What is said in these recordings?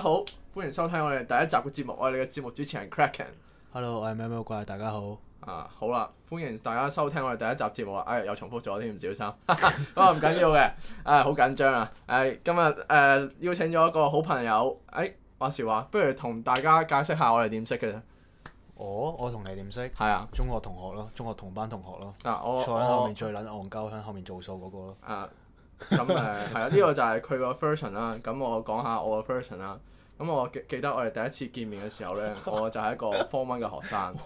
好，歡迎收聽我哋第一集嘅節目，我哋嘅節目主持人 Cracken。Hello，我係喵喵怪，大家好。啊，好啦，歡迎大家收聽我哋第一集節目啊！哎，又重複咗添，唔小心。咁啊唔緊要嘅，唉，好緊張啊！誒、啊啊啊啊、今日誒、啊、邀請咗一個好朋友，誒、哎、話時話，不如同大家解釋下我哋點識嘅啫。我我同你點識？係啊，中學同學咯，中學同班同學咯。嗱我坐喺後面最撚憨鳩，喺後面做數嗰個咯。啊咁誒係啊，呢個就係佢個 version 啦。咁我講下我個 version 啦。咁我記記得我哋第一次見面嘅時候咧， 我就係一個 form one、er、嘅學生。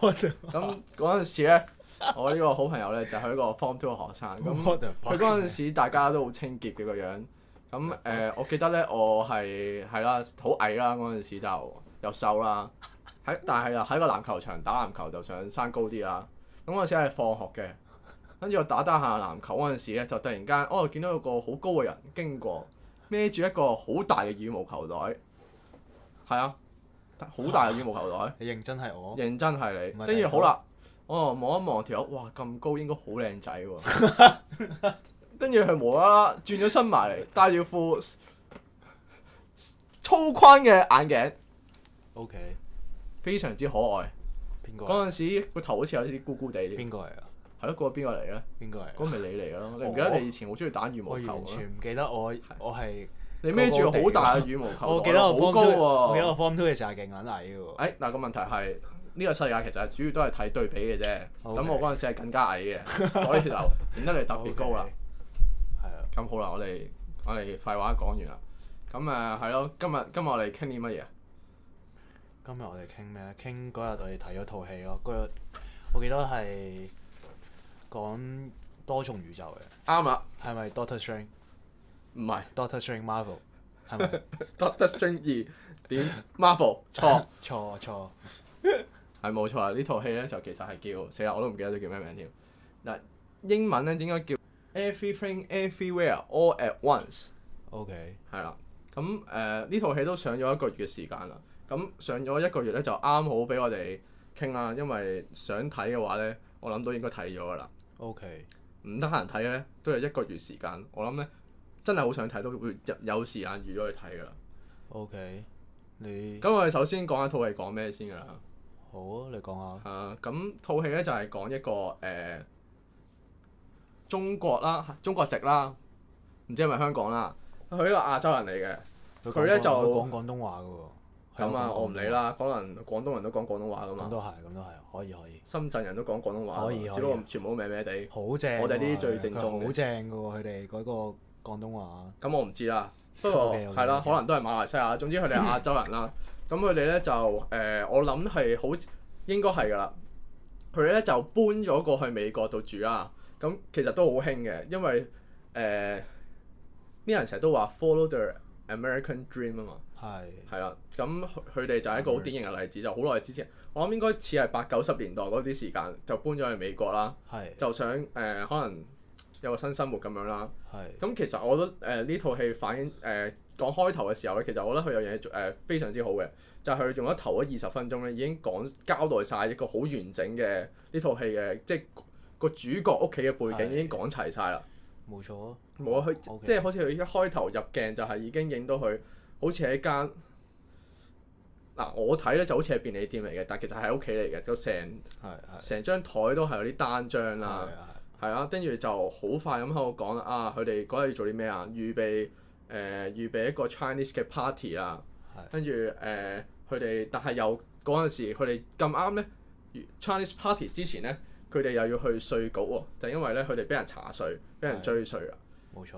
咁嗰陣時咧， 我呢個好朋友咧就係、是、一個 form two、er、嘅學生。咁佢嗰陣時大家都好清潔嘅個樣。咁、呃、誒，我記得咧，我係係啦，好矮啦嗰陣時就又瘦啦。喺但係又喺個籃球場打籃球就想生高啲啦。咁嗰陣時係放學嘅，跟住我打打下籃球嗰陣時咧，就突然間、哦、我見到有個好高嘅人經過，孭住一個好大嘅羽毛球袋。係啊，好大嘅羽毛球袋。你認真係我，認真係你。跟住好啦，我望一望條友，哇咁高，應該好靚仔喎。跟住佢無啦啦轉咗身埋嚟，戴住副粗框嘅眼鏡。OK，非常之可愛。邊個？嗰陣時個頭好似有啲咕咕地。邊個嚟啊？係咯，個邊個嚟咧？邊個嚟？嗰個咪你嚟咯？你唔記得你以前好中意打羽毛球咯？完全唔記得我，我係。你孭住好大嘅羽毛球，我記得我好高我記得我 form two 嘅時候係勁矮嘅。誒、哎，嗱、那個問題係呢、這個世界其實係主要都係睇對比嘅啫。咁 Okay. 我嗰陣時係更加矮嘅， 所以就顯得你特別高啦。係啊、okay.。咁好啦，我哋我哋廢話講完啦。咁啊，係咯，今日今日我哋傾啲乜嘢？今日我哋傾咩？傾嗰日我哋睇咗套戲咯。嗰日我，我記得係講多重宇宙嘅。啱啊了。係咪 Doctor Strange？唔係 Doctor Strange Marvel。係咪 Doctor Strange 二點 Marvel？錯錯 錯，係冇錯啊！ 錯，呢套戲咧就其實係叫死啦，我都唔記得咗叫咩名添。嗱，英文咧應該叫 Everything Everywhere All At Once。OK，係啦。咁誒呢套戲都上咗一個月嘅時間啦。咁上咗一個月咧就啱好俾我哋傾啦，因為想睇嘅話咧，我諗都應該睇咗噶啦。OK，唔得閒睇咧都係一個月時間，我諗咧。真係好想睇，都會有時間預咗去睇噶。OK，你咁我哋首先講下套戲講咩先㗎啦。好，你講下。嚇，咁套戲咧就係講一個誒中國啦，中國籍啦，唔知係咪香港啦，佢一個亞洲人嚟嘅。佢咧就講廣東話㗎喎。咁啊，我唔理啦。可能廣東人都講廣東話㗎嘛。咁都係，咁都係，可以可以。深圳人都講廣東話。可以可以。只不過全部都咩咩地。好正。我哋呢啲最正宗好正㗎喎，佢哋嗰廣東話、啊，咁我唔知啦。不過係 Okay, 啦，可能都係馬來西亞。總之佢哋係亞洲人啦。咁佢哋咧就誒、呃，我諗係好應該係噶啦。佢哋咧就搬咗過去美國度住啦。咁其實都好興嘅，因為誒啲、呃、人成日都話 follow the American dream 啊嘛。係是。係啊，咁佢哋就係一個好典型嘅例子，就好耐之前，我諗應該似係八九十年代嗰啲時間就搬咗去美國啦。是就想誒、呃，可能，有個新生活咁樣啦，咁是其實我都覺得誒呢套戲反映誒、呃、講開頭嘅時候咧，其實我覺得佢有樣嘢誒非常之好嘅，就係、是、佢用咗頭嗰二十分鐘咧已經講交代晒一個好完整嘅呢套戲嘅，即係個主角屋企嘅背景已經講齊晒啦。冇錯啊，冇啊、嗯，佢 Okay. 即係好似佢一開頭入鏡就係已經影到佢好似係一間嗱、啊、我睇咧就好似係便利店嚟嘅，但係其實係屋企嚟嘅，就成成的的張台都係有啲單張啦。的係啊，跟住就好快咁喺度講啊，佢哋嗰日要做啲咩啊？預備誒、呃，預備一個 Chinese 嘅 party 啊，跟住誒，佢、呃、哋但係又嗰陣時佢哋咁啱咧，Chinese party 之前咧，佢哋又要去稅局喎，就是、因為咧佢哋俾人查稅，俾人追稅啊。冇錯。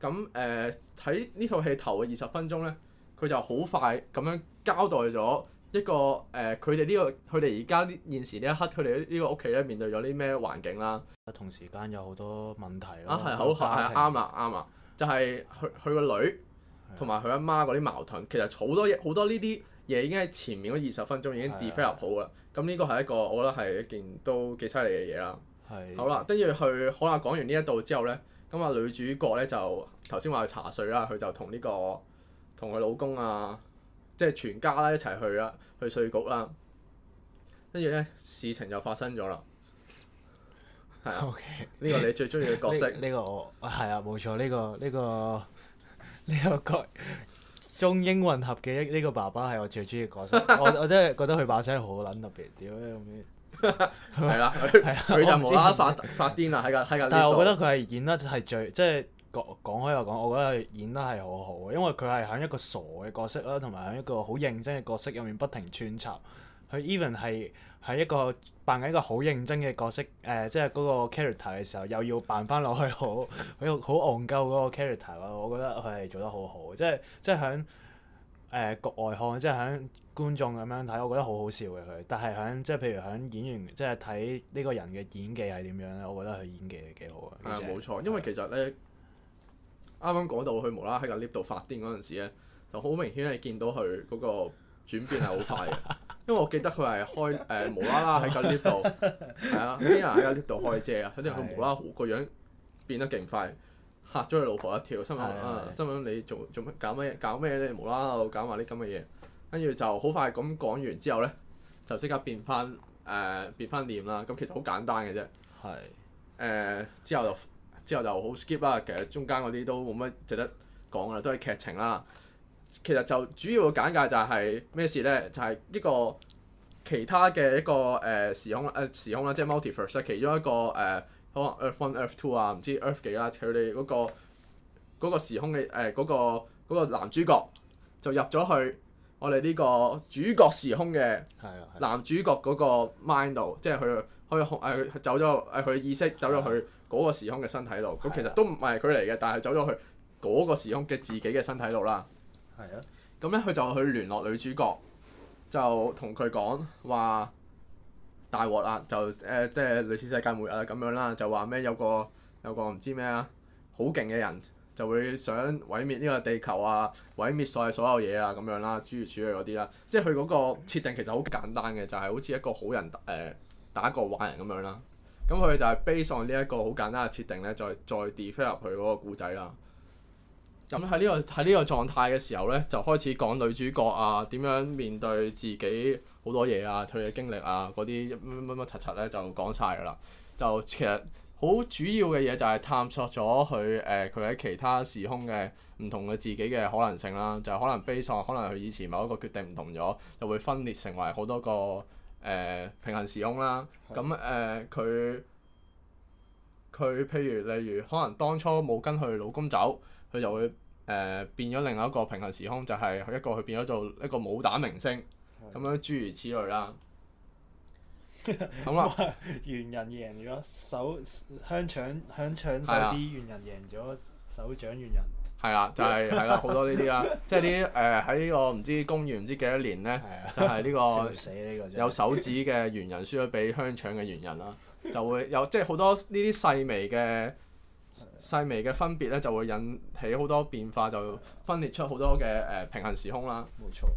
咁、呃、誒，睇呢套戲頭嘅二十分鐘咧，佢就好快咁樣交代咗。呢個誒，佢哋呢個佢哋而家呢現時呢一刻，佢哋呢個屋企咧面對咗啲咩環境啦、啊？同時間有好多問題啦。啊好係啱啊啱庭啊，啊，啊，就係佢佢個女同埋佢阿媽嗰啲矛盾，其實好多好多呢啲嘢已經喺前面嗰二十分鐘已經 develop 啦。咁呢、啊啊、個係一個我覺得係一件都幾犀利嘅嘢啦。啊、好啦，跟住佢可能講完呢一度之後咧，咁啊女主角咧就頭先話去查稅啦，佢就同呢、這個同佢老公啊。即係全家啦，一齊去啦，去稅局啦，跟住咧事情就發生咗啦，係啊，呢 Okay. 個你最中意嘅角色，呢、 這個我係啊，冇、這、錯、個，呢、這個呢個呢個國中英混合嘅呢個爸爸係我最中意嘅角色， 我我真係覺得佢把聲好撚特別，屌呢個咩？係啦，佢就無啦啦發 但 發癲啦，係㗎係㗎。 但係我覺得佢係演得係最即係。講講開又講，我覺得佢演得係好好嘅，因為佢係喺一個傻嘅角色啦，同埋喺一個好認真嘅角色入面不停穿插。佢 even 係喺一個扮緊一個好認真嘅角色，誒、呃，即係嗰個 character 嘅時候，又要扮翻落去好，好好戇鳩嗰個 character。我覺得佢係做得好好，即係即係喺誒局外看，即係喺觀眾咁樣睇，我覺得好好笑嘅佢。但係喺即係譬如喺演員，即係睇呢個人嘅演技係點樣咧？我覺得佢演技係幾好嘅。係冇、啊就係、錯，因為其實咧。啱啱講到佢無啦啦喺個 lift 度發癲嗰陣時咧，就好明顯係見到佢嗰個轉變係好快嘅，因為我記得佢係開誒無啦啦喺個 lift 度，係啊，有啲人喺個 lift 度開遮啊，有啲人佢無啦啦個樣變得勁快，嚇咗佢老婆一跳，心諗心諗你做做乜搞咩？搞咩咧，無啦啦搞埋啲咁嘅嘢，跟住就好快咁講完之後咧，就即刻變翻誒變翻臉啦，咁其實好簡單嘅啫，係誒之後就。之後就好 skip 啦，其實中間嗰啲都冇乜值得講啦，都係劇情啦。其實就主要嘅簡介就係、是、咩事咧？就係、是、呢個其他嘅一個誒、呃、時空誒、呃、時空啦、呃，即係 multiverse 啊，其中一個誒、呃，可能 Earth One、Earth Two 啊，唔知 Earth 幾啦，佢哋嗰個嗰、那個時空嘅誒嗰個嗰、那個男主角就入咗去我哋呢個主角時空嘅男主角嗰個 mind 度，即係佢去去誒走咗誒佢意識走咗去。嗰個時空嘅身體度，咁的其實都唔係佢嚟嘅，但係走咗去嗰個時空嘅自己嘅身體度啦。係啊的，咁咧佢就去聯絡女主角，就同佢講話大鑊啦，就誒即係類似世界末日啦、啊、咁樣啦，就話咩有個有個唔知咩啊，好勁嘅人就會想毀滅呢個地球啊，毀滅曬所有嘢啊咁樣啦，諸如此類嗰啲啦。即係佢嗰個設定其實好簡單嘅，就係、是、好似一個好人誒、呃、打一個壞人咁樣啦。咁佢就係 based on 呢一個好簡單嘅設定咧，再再 develop 入去嗰個故仔啦。咁喺呢個喺呢個狀態嘅時候咧，就開始講女主角啊，點樣面對自己好多嘢啊，佢嘅經歷啊，嗰啲乜乜乜乜柒柒咧，就講晒㗎啦。就其實好主要嘅嘢、呃，就係探索咗佢，佢喺其他時空嘅唔同嘅自己嘅可能性啦。就可能 based on，可能佢以前某一個決定唔同咗，就會分裂成為好多個誒、呃、平衡時空啦，咁誒佢佢譬如例如可能當初冇跟佢老公走，佢就會誒、呃、變咗另一個平衡時空，就係、是、一個佢變咗做一個武打明星，咁的樣諸如此類啦。咁啦，猿人贏咗手，香腸，香腸手指，猿人贏咗的手掌猿人。係啦，就係係啦，好多呢啲啦，即係呢啲誒喺呢個唔知公元唔知幾多年咧，就係、是呃、呢了就、呢個 有手指嘅猿人輸咗俾香腸嘅猿人啦， 就會有即係好多呢啲細微嘅細微嘅分別咧，就會引起好多變化，就分裂出好多嘅誒平行時空啦。冇錯錯。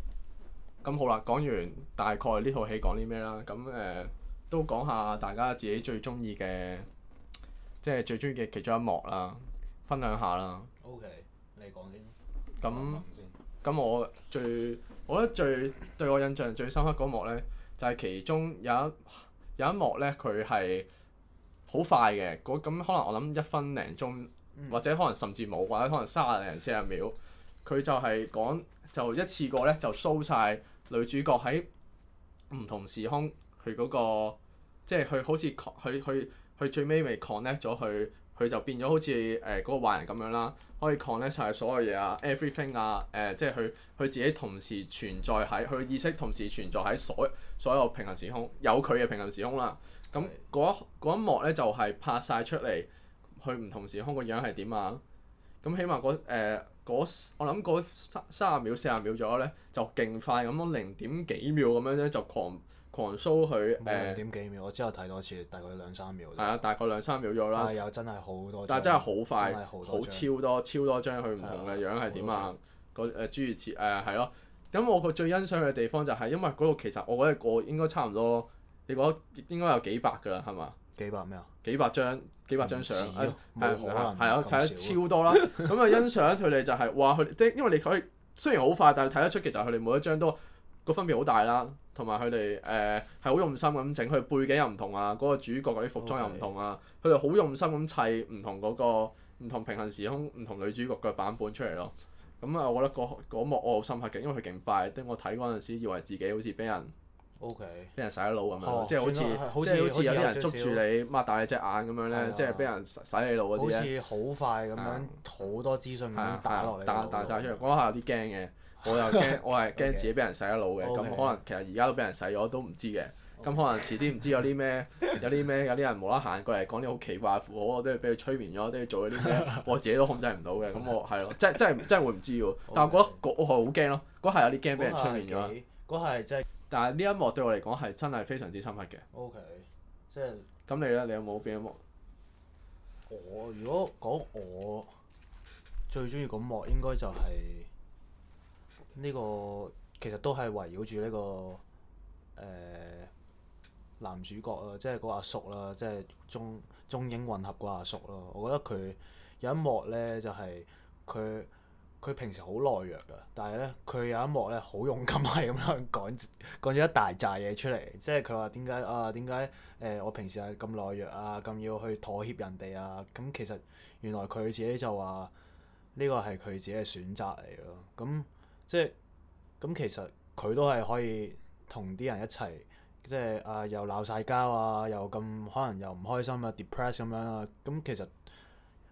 咁好啦，講完大概呢套戲講啲咩啦，咁誒、呃、都講下大家自己最中意嘅，即、就、係、是、最中意嘅其中一幕啦，分享下啦。O K。你講先。咁咁我最我覺得最對我印象最深刻嗰幕咧，就係其中有一有一幕咧，佢係好快嘅，嗰咁可能我諗一分零鐘，或者可能甚至冇，或者可能卅零四十秒，佢就係講就一次過咧就 show 曬女主角喺唔同時空佢嗰個，即係佢好似佢佢佢最尾未 connect 咗佢。佢就變咗好似誒嗰個壞人咁樣啦，可以 connect 曬所有嘢啊，everything 啊，誒、呃、即係佢佢自己同時存在喺佢意識同時存在喺所所有平行時空，有佢嘅平行時空啦。咁嗰嗰一幕咧就係、是、拍晒出嚟，佢唔同時空個樣係點啊？咁、嗯、起碼嗰誒嗰我諗嗰三十秒四十秒左右咧，就勁快咁樣，零點幾秒咁樣咧就狂。狂 show 佢誒零點幾秒，我之後睇多次，大概兩三秒左右。係啊，大概兩三秒左右啦。但有真係好多，多，多，但係真係好快，好超多超多張佢唔同嘅樣係點啊？嗰誒諸如此，嗯、如慈誒係咯。咁、哎、我個最欣賞嘅地方就係、是、因為嗰度其實我覺得個應該差唔多，你覺得應該有幾百㗎啦，係嘛？幾百咩啊？幾百張幾百張相，係啊睇、哎、呀得超多啦。咁啊 欣賞佢哋就係嘩佢即係因為你可以雖然好快，但係睇得出其實佢哋每一張都。個分別好大啦，同埋佢哋誒係好用心咁整，佢背景又唔同啊，嗰個主角嗰啲服裝又唔同啊，佢哋好用心咁砌唔同嗰個唔同平行時空唔同女主角嘅版本出嚟咯。咁啊，我覺得嗰幕我好深刻嘅，因為佢勁快，即係我睇嗰陣時以為自己好似俾人，O K，俾人洗咗腦咁樣，即係好似好似有啲人捉住你，擘大你隻眼咁樣咧，即係俾人洗洗你腦嗰啲咧，好似好快咁樣，好多資訊打落你個腦，打打出嚟，嗰下有啲驚嘅。我又驚，我係驚自己俾人洗咗腦嘅，咁 Okay. 可能其實而家都俾人洗咗，都唔知嘅。咁 Okay. 可能遲啲唔知有啲咩，有啲咩，有啲人冇得閒過嚟講啲好奇怪嘅符號，我都要俾佢催眠咗，都要做嗰啲咩，我自己都控制唔到嘅。咁我係咯，真真真係會唔知喎。Okay. 但係我覺得我係好驚咯，嗰下有啲驚俾人催眠咗。嗰下即係，真係，但係呢一幕對我嚟講係真係非常之深刻嘅。OK，即係。咁你咧？你有冇邊一幕？我如果講我最中意嗰幕，應該就係。呢個其實都係圍繞住呢個誒、呃、男主角啦，即係個阿叔啦，即係中中英混合個阿叔咯。我覺得佢有一幕咧，就係佢佢平時好懦弱噶，但係咧佢有一幕咧好勇敢，係咁樣講講咗一大紮嘢出嚟，即係佢話點解啊？點解誒？我平時係咁懦弱啊，咁要去妥協人哋啊？咁其實原來佢自己就話呢、這個係佢自己嘅選擇嚟咯。咁即係咁、嗯，其實佢都係可以同啲人一齊，即係、呃、啊，又鬧晒交啊，又咁可能又唔開心啊，depress 咁樣啊。咁、嗯、其實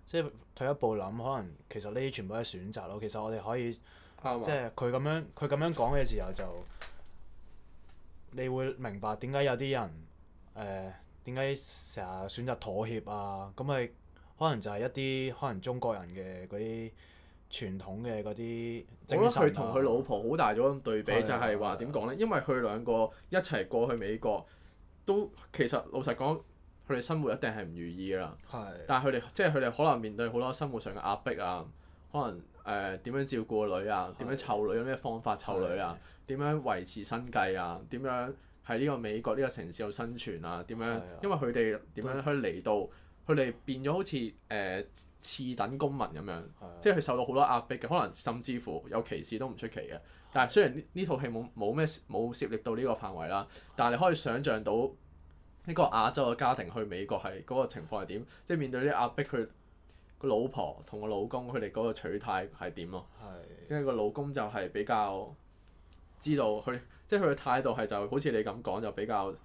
即係退一步諗，可能其實呢啲全部都係選擇咯。其實我哋可以、嗯、即係佢咁樣，佢咁樣講嘅時候就，你會明白點解有啲人誒點解成日選擇妥協啊？咁、嗯、係可能就係一啲可能中國人嘅嗰啲。傳統嘅嗰啲精神，我覺得佢同佢老婆好大咗咁對比，是的 就係話點講咧？呢是的 因為佢兩個一齊過去美國，都其實老實講，佢哋生活一定係唔如意啦。係是的。但係佢哋即係佢哋可能面對好多生活上嘅壓迫啊，可能誒點、呃、樣照顧女啊，點樣湊女，有咩方法湊女啊，點樣維持生計啊，點樣喺呢個美國呢個城市度生存啊，點樣？因為佢哋點樣去嚟到？佢哋變咗好似誒、呃、次等公民咁樣，的即係佢受到好多壓迫嘅，可能甚至乎有歧視都唔出奇嘅。但係雖然呢的套戲冇冇咩冇涉獵到呢個範圍啦，的但係你可以想象到一、呢個亞洲嘅家庭去美國係嗰、嗰個情況係點，即係面對啲壓迫佢個老婆同個老公佢哋嗰個取態係點咯。的因為個老公就係比較知道佢，即係佢嘅態度係就好似你咁講，就比較。的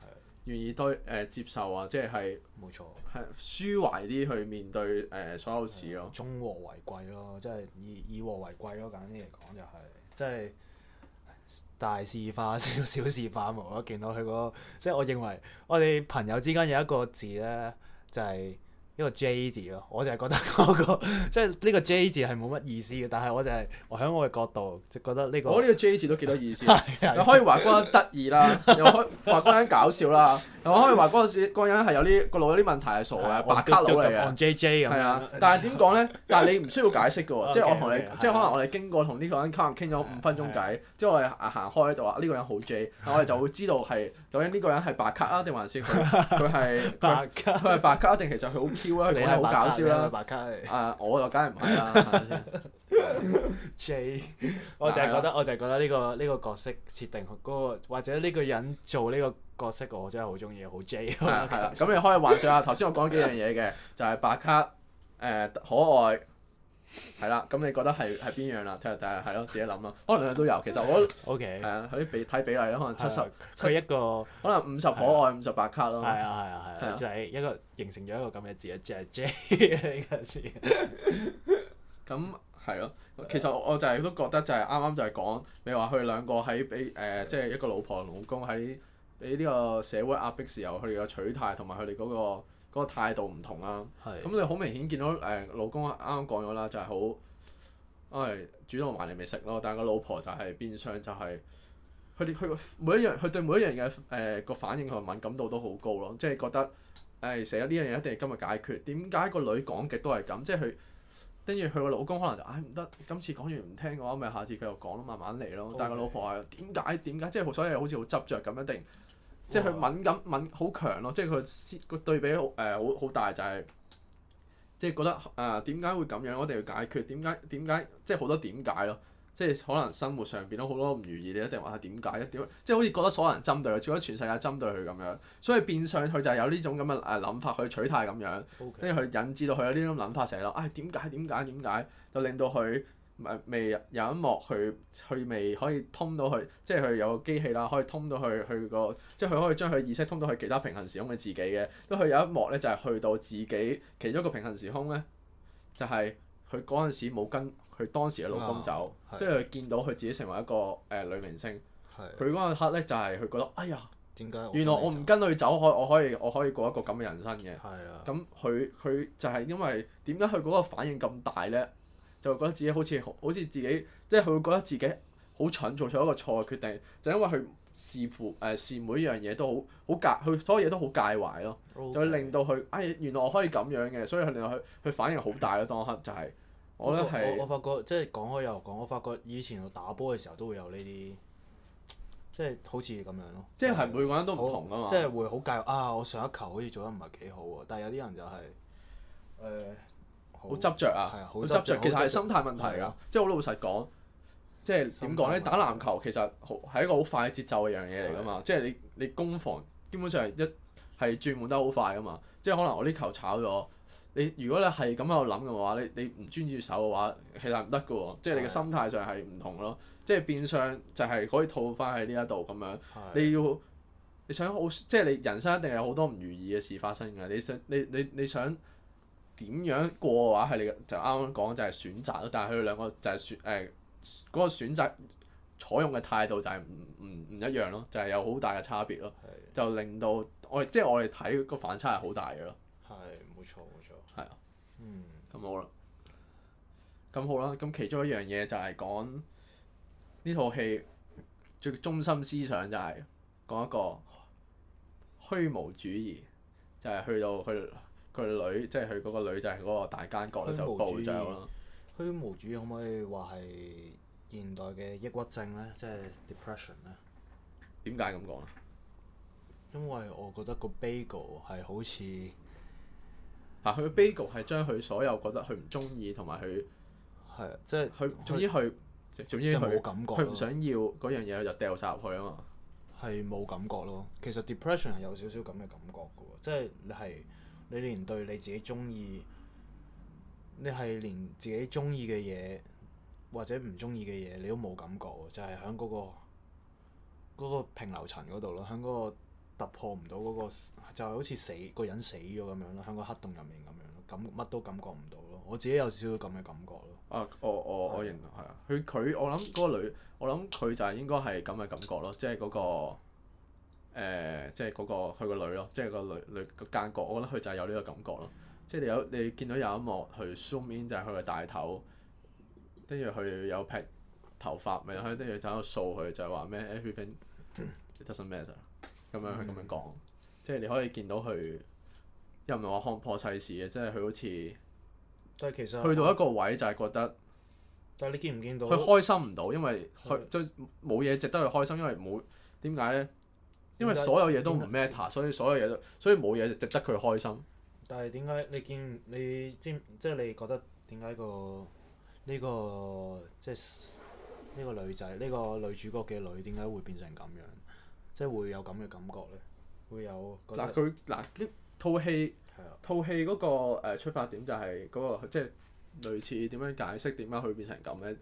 願意對誒、呃、接受啊，即係冇錯，係舒懷啲去面對誒、呃、所有事咯、啊。中和為貴咯，即係以以和為貴咯，簡單啲嚟講就係、係，即係大事化小，小事化無咯。見到佢、嗰個，即係我認為，我哋朋友之間有一個字咧，就係、係。呢個 J 字咯，我就係覺得嗰個即係呢個 J 字係冇乜意思嘅，但係我就係我喺我嘅角度就覺得呢個我呢個 J 字都幾多意思，你可以話嗰個人得意啦，又可以話嗰個人搞笑啦，又可以話嗰陣時嗰個人係有啲個腦有啲問題係傻嘅白卡佬嚟嘅，Jay 係啊，但係點講咧？但係你唔需要解釋㗎喎，即係我同你即係可能我哋經過同呢個人可能傾咗五分鐘偈，即係我哋行開喺度話呢個人好 J，我哋就會知道係究竟呢個人係白卡啊定還是佢係佢係白卡啊定其實佢好？你係好搞笑啦，白卡、啊、你白卡。誒、啊，我又梗係唔係啦。J，我就係覺得，我就係覺得呢、呢個呢、呢個角色設定嗰、嗰個、或者呢個人做呢個角色，我真係好中意，好 J 咯。 係啦，咁你可以幻想下頭先 我講幾樣嘢嘅，就係、係、白卡誒、呃、可愛。係啦，咁你覺得係係邊樣啦？睇下睇下，係咯，自己諗咯。可能兩樣都有。其實我覺得 OK，係啊，佢比睇比例咯。可能七十佢一個，可能五十可愛，五十八卡咯。係啊係啊係啊，就係一個形成咗一個咁嘅字啊，J J 呢個字。咁係咯，其實我就係都覺得就係啱啱就係講，你話佢兩個喺俾誒，即係一個老婆同老公喺俾呢個社會壓迫時候，佢哋嘅取態同埋佢哋嗰個。個態度唔同啦、啊，咁的你好明顯見到誒、哎、老公啱啱講咗啦，就係、是、好，誒、哎、主動埋嚟咪食咯。但係個老婆就係變相就係、是，佢哋佢每一樣佢對每一樣嘅誒個、呃、反應同敏感度都好高咯，即係覺得誒死啦呢樣嘢一定係今日解決。點解個女講極都係咁？即係佢，跟住佢個老公可能就唉唔得，今次講完唔聽嘅話，咪下次繼續講咯，慢慢嚟咯。Okay. 但係個老婆話點解點解？即係所以好似好執着咁一定。即係佢敏感敏感好強咯，即係佢嗰個對比好誒好好大就係，即係覺得啊點解會咁樣？我一定要解決，點解點解？即係好多點解咯，即係可能生活上邊都好多唔如意，你一定話係點解？點解，即係好似覺得所有人針對佢，覺得全世界針對佢咁樣，所以變相佢就係有呢種咁嘅誒諗法去取態咁樣，跟住佢引致到佢有呢種諗法成日咯。唉，點解點解點解？就令到佢。未有一幕，佢佢未可以通到去，即係佢有個機器啦，可以通到去去個，即係佢可以將佢意識通到去其他平行時空嘅自己嘅。因為有一幕咧，就係、是、去到自己其中一個平行時空咧，就係佢嗰陣時冇跟佢當時嘅老公走，即係佢見到佢自己成為一個誒、呃、女明星。佢嗰個刻咧就係、是、佢覺得，哎呀，原來我唔跟佢走，可我可以我可以，我可以過一個咁嘅人生嘅。咁佢佢就係因為點解佢嗰個反應咁大咧？就會覺得自己好似好似自己，即係佢會覺得自己好，好自己、就是、自己蠢，做出一個錯嘅決定，就是、因為佢視乎誒、呃、視乎每樣嘢都好好介，佢所有嘢都好介懷咯，Okay. 就會令到佢誒、哎、原來我可以咁樣嘅，所以令到佢佢反應好大咯。當刻 就係、是、我覺得係我我，我發覺即係、就是、講開又講，我發覺以前我打波嘅時候都會有呢啲，即、就、係、是、好似咁樣咯。即係每個人都唔同啊嘛，即係、就是、會好介啊！我上一球好似做得唔係幾好喎，但係有啲人就係、是、誒。呃好執著啊！好執著，其實係心態問題㗎的！即係好老實講，即係點講咧？打籃球其實好係一個好快節奏嘅樣嘢嚟噶嘛！的即係你你攻防基本上一係轉換得好快噶嘛！即係可能我啲球炒咗，你如果你係咁喺度諗嘅話，你你唔專注守嘅話，其實唔得噶喎！即係你嘅心態上係唔同咯。的即係變相就係可以套翻喺呢一度咁樣。的你要你想好，即係你人生一定有好多唔如意嘅事發生㗎。你想你你你想。點樣過嘅話係你嘅，就啱啱講就係選擇咯。但係佢哋兩個就係選誒嗰、呃那個選擇採用嘅態度就係唔唔唔一樣咯，就係、是、有好大嘅差別咯。的就令到我哋即係我哋睇個反差係好大嘅咯。係冇錯冇錯。係啊。的嗯。咁好啦。咁好啦。咁其中一樣嘢就係講呢套戲最中心思想就係講一個虛無主義，就係、是、去到去。佢女即係佢嗰個女就係嗰個大奸角就暴走咯。虛無，無主義可唔可以話係現代嘅抑鬱症咧？即係 depression 咧？點解咁講啊？因為我覺得個 Bagel 係好似嚇佢個 Bagel 係將佢所有覺得佢唔中意同埋佢係即係佢佢佢總之佢總之佢冇感覺佢唔想要嗰樣嘢就掉晒入去啊嘛。係冇感覺咯。其實 depression 係有少少咁嘅感覺嘅喎，即係你係。你連對你自己中意，你係連自己中意嘅嘢或者唔中意嘅嘢，你都冇感覺喎，就係喺嗰個嗰個平流層嗰度咯，喺嗰個突破唔到嗰個，就係好似死個人死咗咁樣咯，喺個黑洞入面咁樣咯，感乜都感覺唔到咯。我自己有少少咁嘅感覺咯。啊，我我我認同係啊，佢佢我諗嗰個女，我諗佢就係應該係咁嘅感覺咯，即係嗰個。誒、呃，即係嗰、那個佢個女咯，即係個女女個間角。我覺得佢就係有呢個感覺咯。即係你有你見到有一幕，佢 zoom in 就係佢個大頭，跟住佢有劈頭髮咪，跟住就喺度掃佢，就係、是、話咩 everything doesn't matter 咁樣，咁、嗯、樣講。即係你可以見到佢又唔係話看破世事嘅，即係佢好似但係其實去到一個位就係覺得，但係你見唔見到佢開心唔到，因為佢即冇嘢值得佢開心，因為冇點解呢。因為所有嘢都唔 matter，所以所有嘢都，所以冇嘢值得佢開心。但係點解你見你知即係、就是、你覺得點解、這個呢個即係呢個女仔呢、這個女主角嘅女點解會變成咁樣？即、就、係、是、會有咁嘅感覺咧？會有嗱佢嗱呢套戲套戲嗰、那個、呃、出發點就係嗰、那個即係、就是、類似點樣解釋點解佢變成咁咧？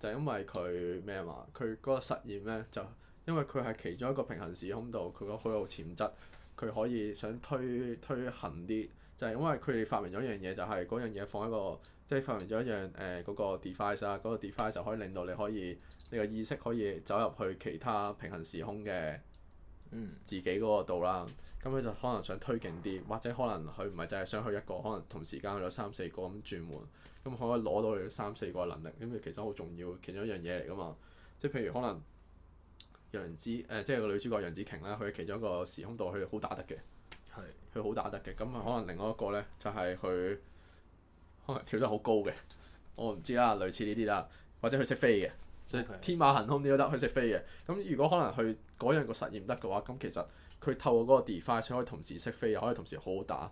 就是、因為佢咩嘛？佢嗰個實驗咧就。因為佢係其中一個平行時空度，佢個好有潛質，佢可以想推推行啲，就係因為佢哋發明咗一樣嘢，就係嗰樣嘢放喺個，即係發明咗一樣誒嗰個 device 啊，嗰個 device 就可以令到你可以，你個意識可以走入去其他平行時空嘅，嗯，自己嗰個度啦，咁佢就可能想推勁啲，或者可能佢唔係淨係想去一個，可能同時間去到三四個咁轉換，咁可以攞到你三四個能力，咁其實好重要其中一樣嘢嚟噶嘛，即係譬如可能。楊紫誒、呃，即係個女主角楊紫瓊啦，佢喺其中一個時空度，佢好打得嘅。係。佢好打得嘅，咁可能另外一個咧就係、是、佢跳得好高嘅。我唔知啦，類似呢啲啦，或者佢識飛嘅，即係 Okay. 天馬行空啲都得，佢識飛嘅。咁如果可能佢嗰樣個實驗得嘅話，咁其實佢透過嗰個 defy 先可以同時識飛，又可以同時好好打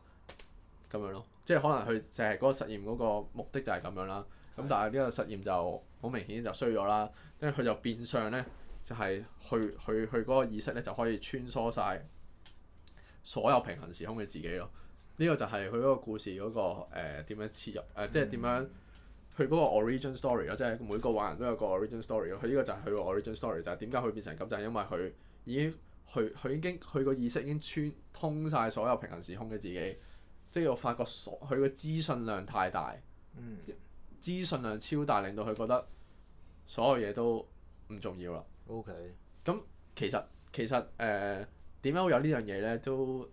咁樣咯。即係可能佢淨係嗰個實驗嗰個目的就係咁樣啦。咁但係呢個實驗就好明顯就衰咗啦，跟住佢就變相咧。就係佢佢佢嗰個意識咧，就可以穿梭晒所有平行時空嘅自己咯。呢、這個就係佢嗰個故事嗰、那個誒點、呃、樣切入誒，即係點樣佢嗰個 origin story 咯，即係每個華人都有個 origin story 咯。佢呢個就係佢個 origin story，就係點解佢變成咁，就係、是、因為佢已經佢佢已經佢個意識已經穿通晒所有平行時空嘅自己，即係我發覺所佢個資訊量太大，資訊量超大，令到佢覺得所有嘢都。唔重要啦。O K。咁其實其實誒點解會有呢樣嘢咧？都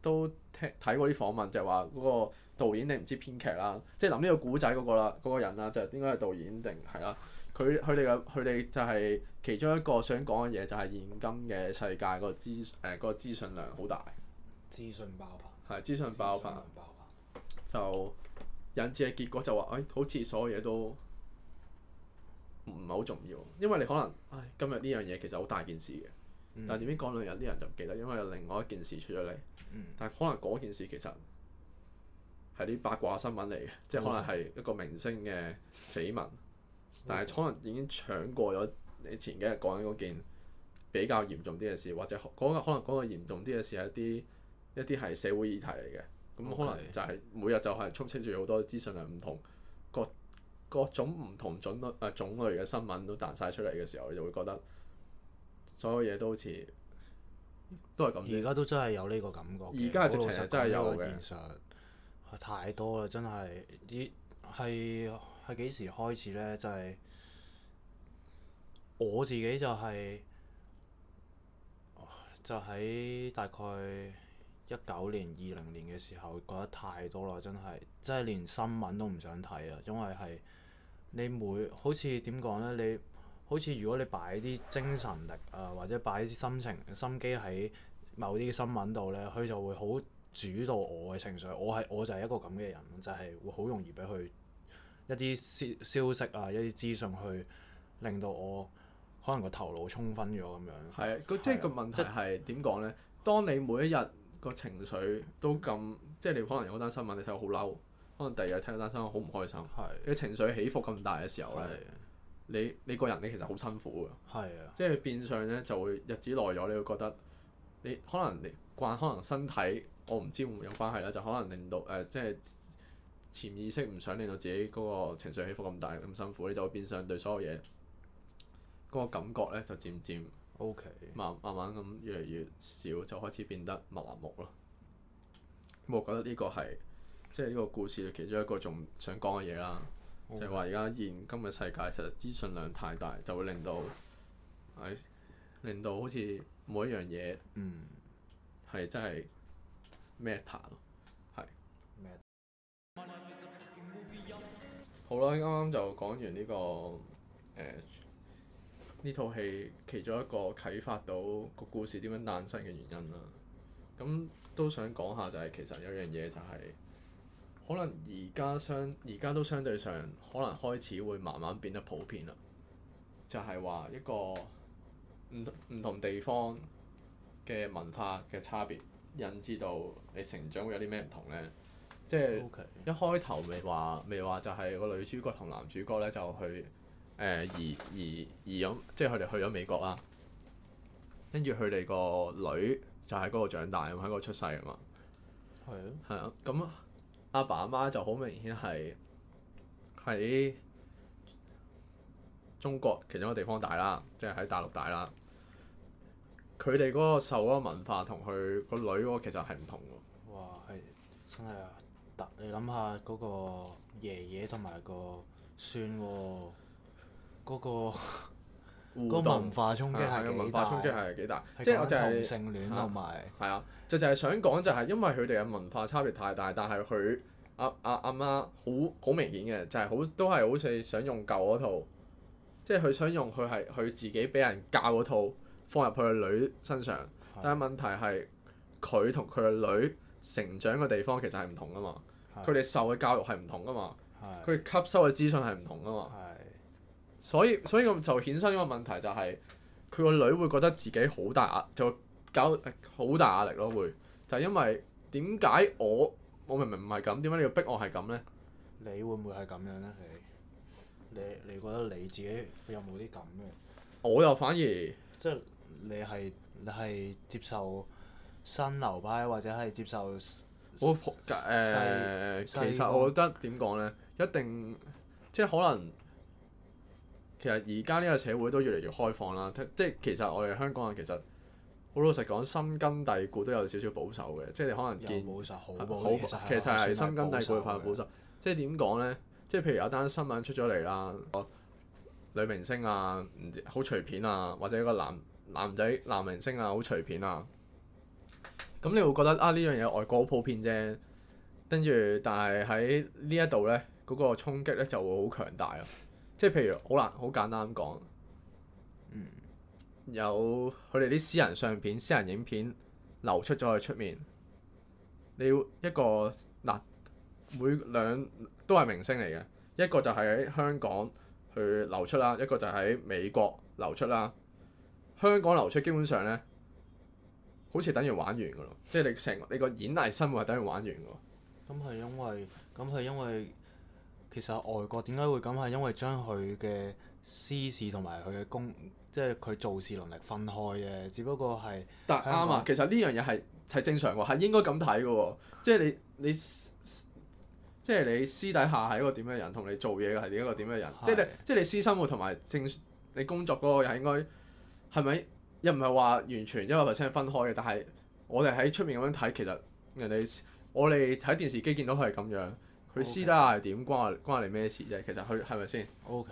都聽睇過啲訪問，就係話嗰個導演定唔知編劇啦，即係諗呢個古仔嗰個啦，嗰、嗰個人啦，就應該係導演定係啦。佢佢哋嘅佢哋就係其中一個想講嘅嘢，就係、係、現今嘅世界個資誒個、呃、資訊量好大資，資訊爆棚。係資訊爆棚。就引致嘅結果就話誒、哎，好似所有嘢都。唔係好重要，因為你可能，唉，今日呢樣嘢其實好大件事嘅，但點樣講兩日啲人就唔記得，因為有另外一件事出咗嚟。但可能嗰件事其實係啲八卦新聞嚟嘅，Okay. 即係可能係一個明星嘅緋聞，但係可能已經搶過咗你前幾日講緊嗰件比較嚴重啲嘅事，或者嗰個可能嗰個嚴重啲嘅事係一啲一啲係社會議題嚟嘅。咁可能就係每日就係充斥住好多資訊係唔同。各種唔同種類啊種類嘅新聞都彈晒出嚟嘅時候，你就會覺得所有嘢都好似都係咁。而家都真係有呢個感覺。而家就其實真係有嘅。其實太多啦，真係啲係係幾時開始咧？就係我自己就係就喺大概一九年、二零年嘅時候，覺得太多啦，真係真係連新聞都唔想睇啊，因為係。你每好似點講咧？你好似如果你擺啲精神力啊、呃，或者擺啲心情心機喺某啲新聞度咧，佢就會好主導我嘅情緒。我係我就係一個咁嘅人，就係、是、會好容易俾佢一啲消消息啊、一啲資訊去令到我可能個頭腦衝昏咗咁樣。係啊，啊即係個問題係點講咧？當你每一日個情緒都咁，即係你可能有單新聞你睇到好嬲。可能第二日聽到單身，我好唔開心。係的。情緒起伏咁大嘅時候咧，的你你個人咧，其實好辛苦㗎。係啊的。即係變相咧就會日子耐咗，你會覺得你可能你慣，可能身體我唔知會唔會有關係啦，就可能令到誒、呃、即係潛意識唔想令到自己嗰個情緒起伏咁大咁辛苦，你就會變相對所有嘢嗰、那個感覺咧就漸漸 OK，慢慢慢咁越嚟越少，就開始變得麻木咯。咁我覺得呢個係。即係呢個故事嘅其中一個，仲想講嘅嘢啦，就係話而家現今嘅世界，其實資訊量太大，就會令到誒令到好似每一樣嘢，嗯，係真係 meta 咯，係 Meta。好啦、這個，啱啱就講完呢個誒呢套戲其中一個啟發到個故事點樣誕生嘅原因啦。咁都想講下、就是，就係其實有一樣嘢就係、是。可能而家相而家都相對上，可能開始會慢慢變得普遍啦。就係話一個唔唔同地方嘅文化嘅差別引致到你成長會有啲咩唔同咧？Okay. 即係一開頭咪話咪話就係個女主角同男主角咧就去誒、呃、移移移咁，即係佢哋去咗美國啦。跟住佢哋個女就喺嗰度長大，喺嗰度出世啊嘛。係對啊，係啊，咁啊。阿爸阿媽就好明顯係喺中國其中一個地方大啦，即係喺大陸大啦。佢哋嗰個受嗰個文化同佢個女嗰個其實係唔同喎。哇，係真係啊！你諗下嗰個爺爺同埋個孫喎，嗰個。個文化衝擊係幾大？文化衝擊係幾大？即係我就係同性戀同埋係啊，就係、就係想講就係因為佢哋嘅文化差別太大，但係佢阿阿阿媽好好明顯嘅就係、係、好都係好似想用舊嗰套，即係佢想用佢係佢自己俾人教嗰套放入佢個女身上，的但係問題係佢同佢個女成長嘅地方其實係唔同噶嘛，佢哋的受嘅教育係唔同噶嘛，佢哋的吸收嘅資訊係唔同噶嘛。的的所以所以咁就衍生一個問題，就係佢個女會覺得自己好大壓就會搞好大壓力咯，會就係、因為點解我我明明唔係咁，點解你要逼我係咁咧？你會唔會係咁樣咧？你你你覺得你自己有冇啲咁嘅？我又反而即係你係你係接受新流派或者係接受我誒？其實我覺得點講咧，一定即係、就係、可能。其實而家呢個社會都越嚟越開放啦，即係其實我哋香港人其實好老實講，根深蒂固都有少少保守嘅，即係你可能見，有保守好保其實係根深蒂固化保守即。即係點講咧？即係譬如有單新聞出咗嚟啦，女明星啊，好隨便啊，或者一個男男仔男明星啊，好隨便啊，咁你會覺得啊呢樣嘢外國好普遍啫，跟住但係喺呢一度咧，嗰、嗰個衝擊咧就會好強大啦。即係譬如好難好簡單講，嗯，有佢哋啲私人相片、私人影片流出咗去出面。你要一個嗱，每兩都係明星嚟嘅，一個就係喺香港去流出啦，一個就喺美國流出啦。香港流出基本上咧，好似等於玩完㗎咯。即係你成你個演藝生涯係等於玩完㗎。咁係因為，咁係因為。其實外國點解會咁，係因為將佢嘅私事同埋佢嘅工，即係佢做事能力分開嘅，只不過係但啱啊！其實呢樣嘢係係正常喎，係應該咁睇㗎喎。即係你你，即係你私底下係一個點樣嘅人，同你做嘢嘅係一個點樣嘅人。的即係你即係你私生活同埋正你工作嗰個又係應該係咪？又唔係話完全一百 percent 分開嘅？但係我哋喺出面咁樣睇，其實人哋我哋喺電視機見到佢係咁樣。佢 Okay. 私底下係點關我關咩事啫？其實佢係咪先？OK，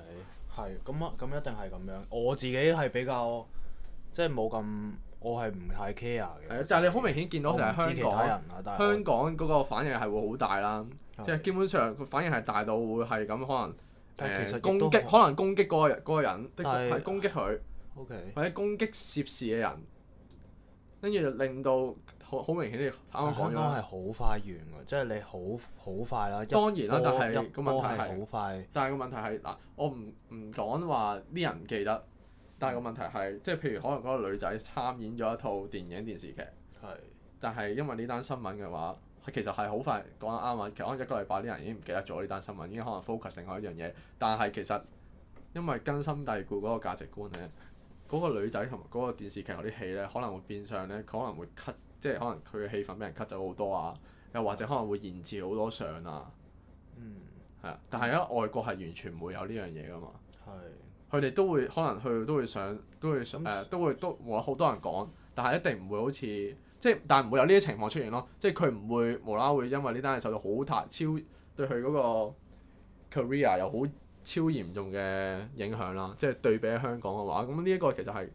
係咁咁一定係咁樣。我自己係比較即係冇咁，我係唔太 care 嘅。但係你好明顯見到其實香港人香港嗰個反應係會好大啦，Okay. 即係基本上佢反應係大到會係咁可能誒攻擊，可能攻擊嗰個人嗰個人，係、那個、是攻擊佢，okay. 或者攻擊涉事嘅人，跟住令到。好好明顯，你啱啱係好快完㗎，即係你好好快啦。當然啦，但係個問題係，快，但係個問題係嗱，我唔唔講話啲人唔記得，但係個問題係，即係譬如可能嗰個女仔參演咗一套電影電視劇，係，但係因為呢單新聞嘅話，其實係好快講得啱，其實可能一個禮拜啲人已經唔記得咗呢單新聞，已經可能 focus 另外一樣嘢，但係其實因為根深蒂固嗰個價值觀咧。嗰個女仔同埋嗰個電視,電視劇嗰啲戲咧，可能會變相咧，可能會 cut，即係可能佢嘅戲份俾人 cut 走好多啊，又或者可能會延遲好多相啊，嗯，係啊，但係咧外國係完全唔會有呢樣嘢噶嘛，係、嗯，佢哋都會可能佢都會想，都會想誒、嗯呃，都會都冇好多人講，但係一定唔會好似，即係但係唔會有呢啲情況出現咯，即係佢唔會無啦啦會因為呢單嘢受到好大超對佢嗰個 career 又好。超嚴重嘅影響啦，即係對比香港嘅話，咁呢一個其實係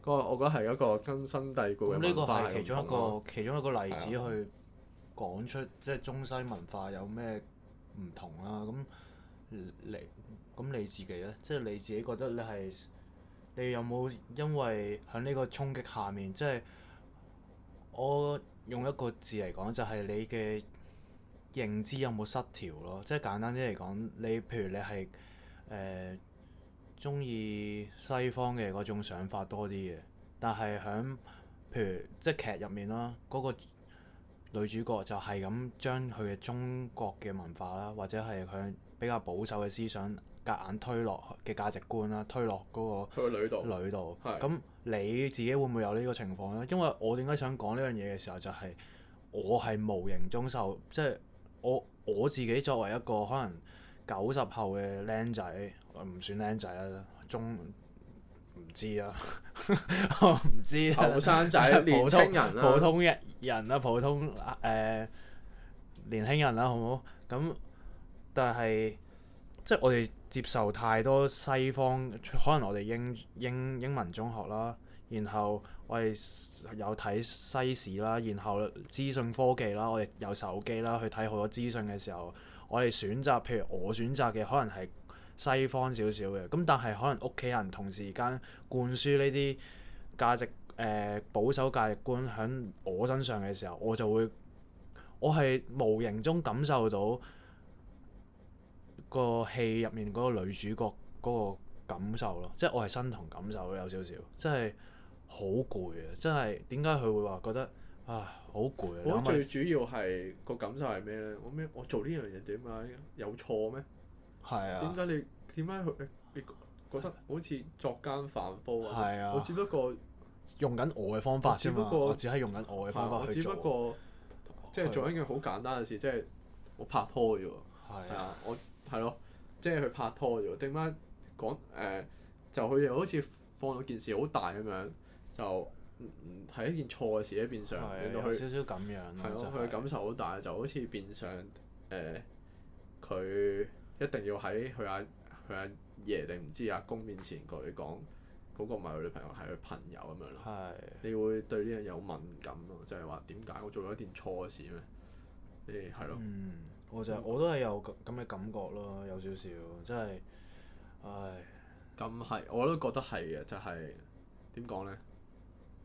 個我覺得係一個根深蒂固嘅文化嘅不同。咁呢個係其中一個其中一個例子去講出的即係中西文化有咩唔同啦、啊。咁你咁你自己咧，即係你自己覺得你係你有冇因為喺呢個衝擊下面，即係我用一個字嚟講，就係你嘅認知有冇失調咯？即係簡單啲嚟講，你譬如你係。誒中意西方嘅嗰種想法多啲嘅，但係喺譬如即劇入面啦，嗰、那個女主角就係咁將佢嘅中國嘅文化啦，或者係佢比較保守嘅思想，夾硬，硬推落嘅價值觀啦，推落嗰、那個女度，女度道，咁是的 你自己會唔會有呢個情況呢？因為我點解想講呢樣嘢嘅時候、就是，就係我係無形中受，即、就、係、是、我我自己作為一個可能。九十後嘅僆仔，唔算僆仔啦，中唔知啊， 我唔知後生仔、普通人普通人、人啦、普通誒、呃、年輕人啦，好唔好？咁但係即係我哋接受太多西方，可能我哋英英英文中學啦，然後我哋有睇西史啦，然後資訊科技啦，我哋有手機啦，去睇好多資訊嘅時候。我哋選擇，譬如我選擇嘅可能係西方少少嘅，咁但係可能屋企人同時間灌輸呢啲價值，誒、呃、保守價值觀喺我身上嘅時候，我就會，我係無形中感受到個戲入面嗰個女主角嗰個感受咯，即、就、係、是、我係身同感受有少少，真係好攰啊！真係點解佢會話覺得？唉啊，好攰啊！我覺得最主要係你個感受係咩咧？我咩？我做呢樣嘢點解有錯咩？係點解你點解佢你覺得好似作奸犯科啊？我只不過用緊我嘅方法，只不過只係用緊我嘅方法去只不過即係做一件好簡單嘅事，即係我拍拖啫喎。啊，啊，我係咯，即係去拍拖啫喎。點解講誒、呃？就佢哋好似放咗件事好大咁樣就～嗯，係一件錯嘅事咧、啊，變相令到佢少少咁樣、啊，係咯，其實佢感受好大，是就好似變相誒，佢、呃、一定要喺佢阿佢阿爺定唔知阿公面前佢講，嗰個唔係佢女朋友，係佢朋友咁樣咯。係是，你會對呢樣有敏感咯，就係話點解我做咗一件錯嘅事咩？誒、哎，係咯、啊嗯。我就是嗯、我都係有咁嘅感覺咯，有少少，真、就、係、是，唉。咁係，我都覺得係嘅，就係點講咧？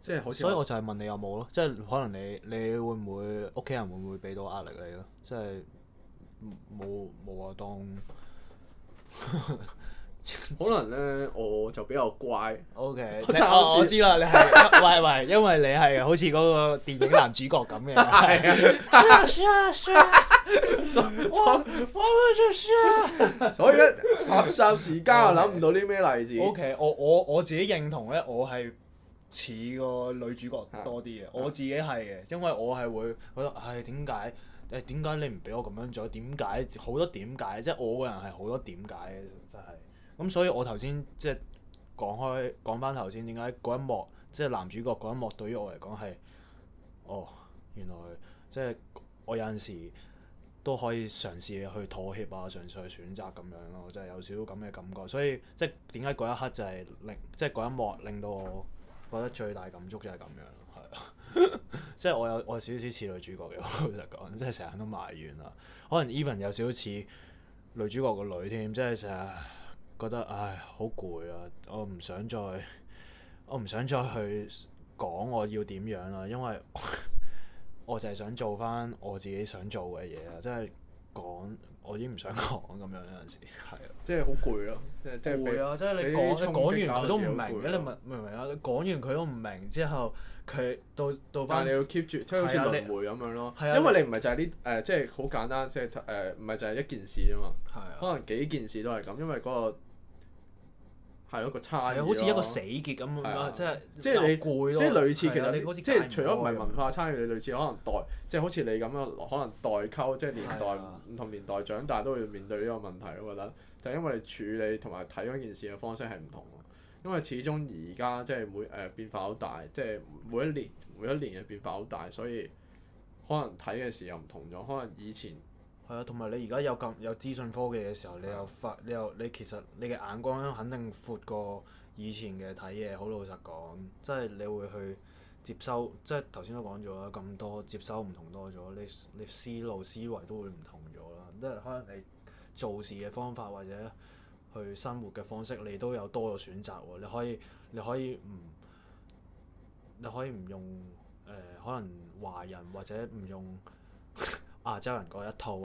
即係好似所以我就係問你有冇咯，即係可能你你會唔會屋企人會唔會俾到壓力你咯？即係冇冇話當。 可能咧，我就比較乖。O Okay , K，我，就、哦、我知啦， 你係喂喂，因為你係好似嗰個電影男主角咁嘅。係啊， 輸啊輸啊輸啊！我我我都輸啊！ 所以霎霎時間啊，諗唔到啲咩例子。O、okay, K，我我我自己認同咧，我係。似個女主角多啲嘅，我自己係嘅，因為我係會覺得唉，點解？誒點解你唔俾我咁樣做？點解好多點解？即係我個人係好多點解嘅，真係咁。所以我頭先即係講開講翻頭先，點解嗰一幕即係男主角嗰一幕對於我嚟講係，哦，原來即係我有陣時都可以嘗試去妥協啊，嘗試去選擇咁樣咯，即係有少少咁嘅感覺。所以即係點解嗰一刻就係令即係嗰一幕令到我。覺得最大感觸就係咁樣，係即係我有我少少似女主角嘅，我老實講，即係成日都埋怨啦。可能 even 有少少似女主角個女添，即係成日覺得唉，好攰啊！我唔想再，我唔想再去講我要點樣啦、啊，因為我，我就係想做翻我自己想做嘅嘢啊！即係講。我已經唔想講咁樣有陣時，係啊，即係好攰咯，會啊，即係你講你講講完佢都唔明，你問明唔明啊？啊你唔唔啊講完佢都唔明之後，佢到到翻。但你要 keep 住，即係好似輪回咁樣咯，啊、因為你唔係就係呢誒，即係好簡單，即係誒，唔、呃、係就係一件事啫嘛，啊、可能幾件事都係咁，因為嗰、嗰個。係一個差，好似一個死結咁樣！即係即係你，攰咯即係類似其實，啊、即係、啊、除咗唔係文化差異，你、啊、類似可能代，即係好似你咁樣，可能代溝，即係年代唔、啊、同年代長大都會面對呢個問題咯。我覺得就係、因為你處理同埋睇嗰件事嘅方式係唔同，因為始終而家即係每誒、呃、變化好大，即係每一年每一年嘅變化好大，所以可能睇嘅時候唔同咗。可能以前。係啊，同埋你而家有咁有資訊科技嘅時候，你又發你又你其實你嘅眼光肯定闊過以前嘅睇嘢，好老實講，即係你會去接收，即係頭先都講咗啦，咁多接收唔同多咗，你你思路思維都會唔同咗啦，即係可能你做事嘅方法或者去生活嘅方式，你都有多咗選擇，你可以你可以唔你可以唔用誒、呃、可能華人或者唔用亞洲人一套。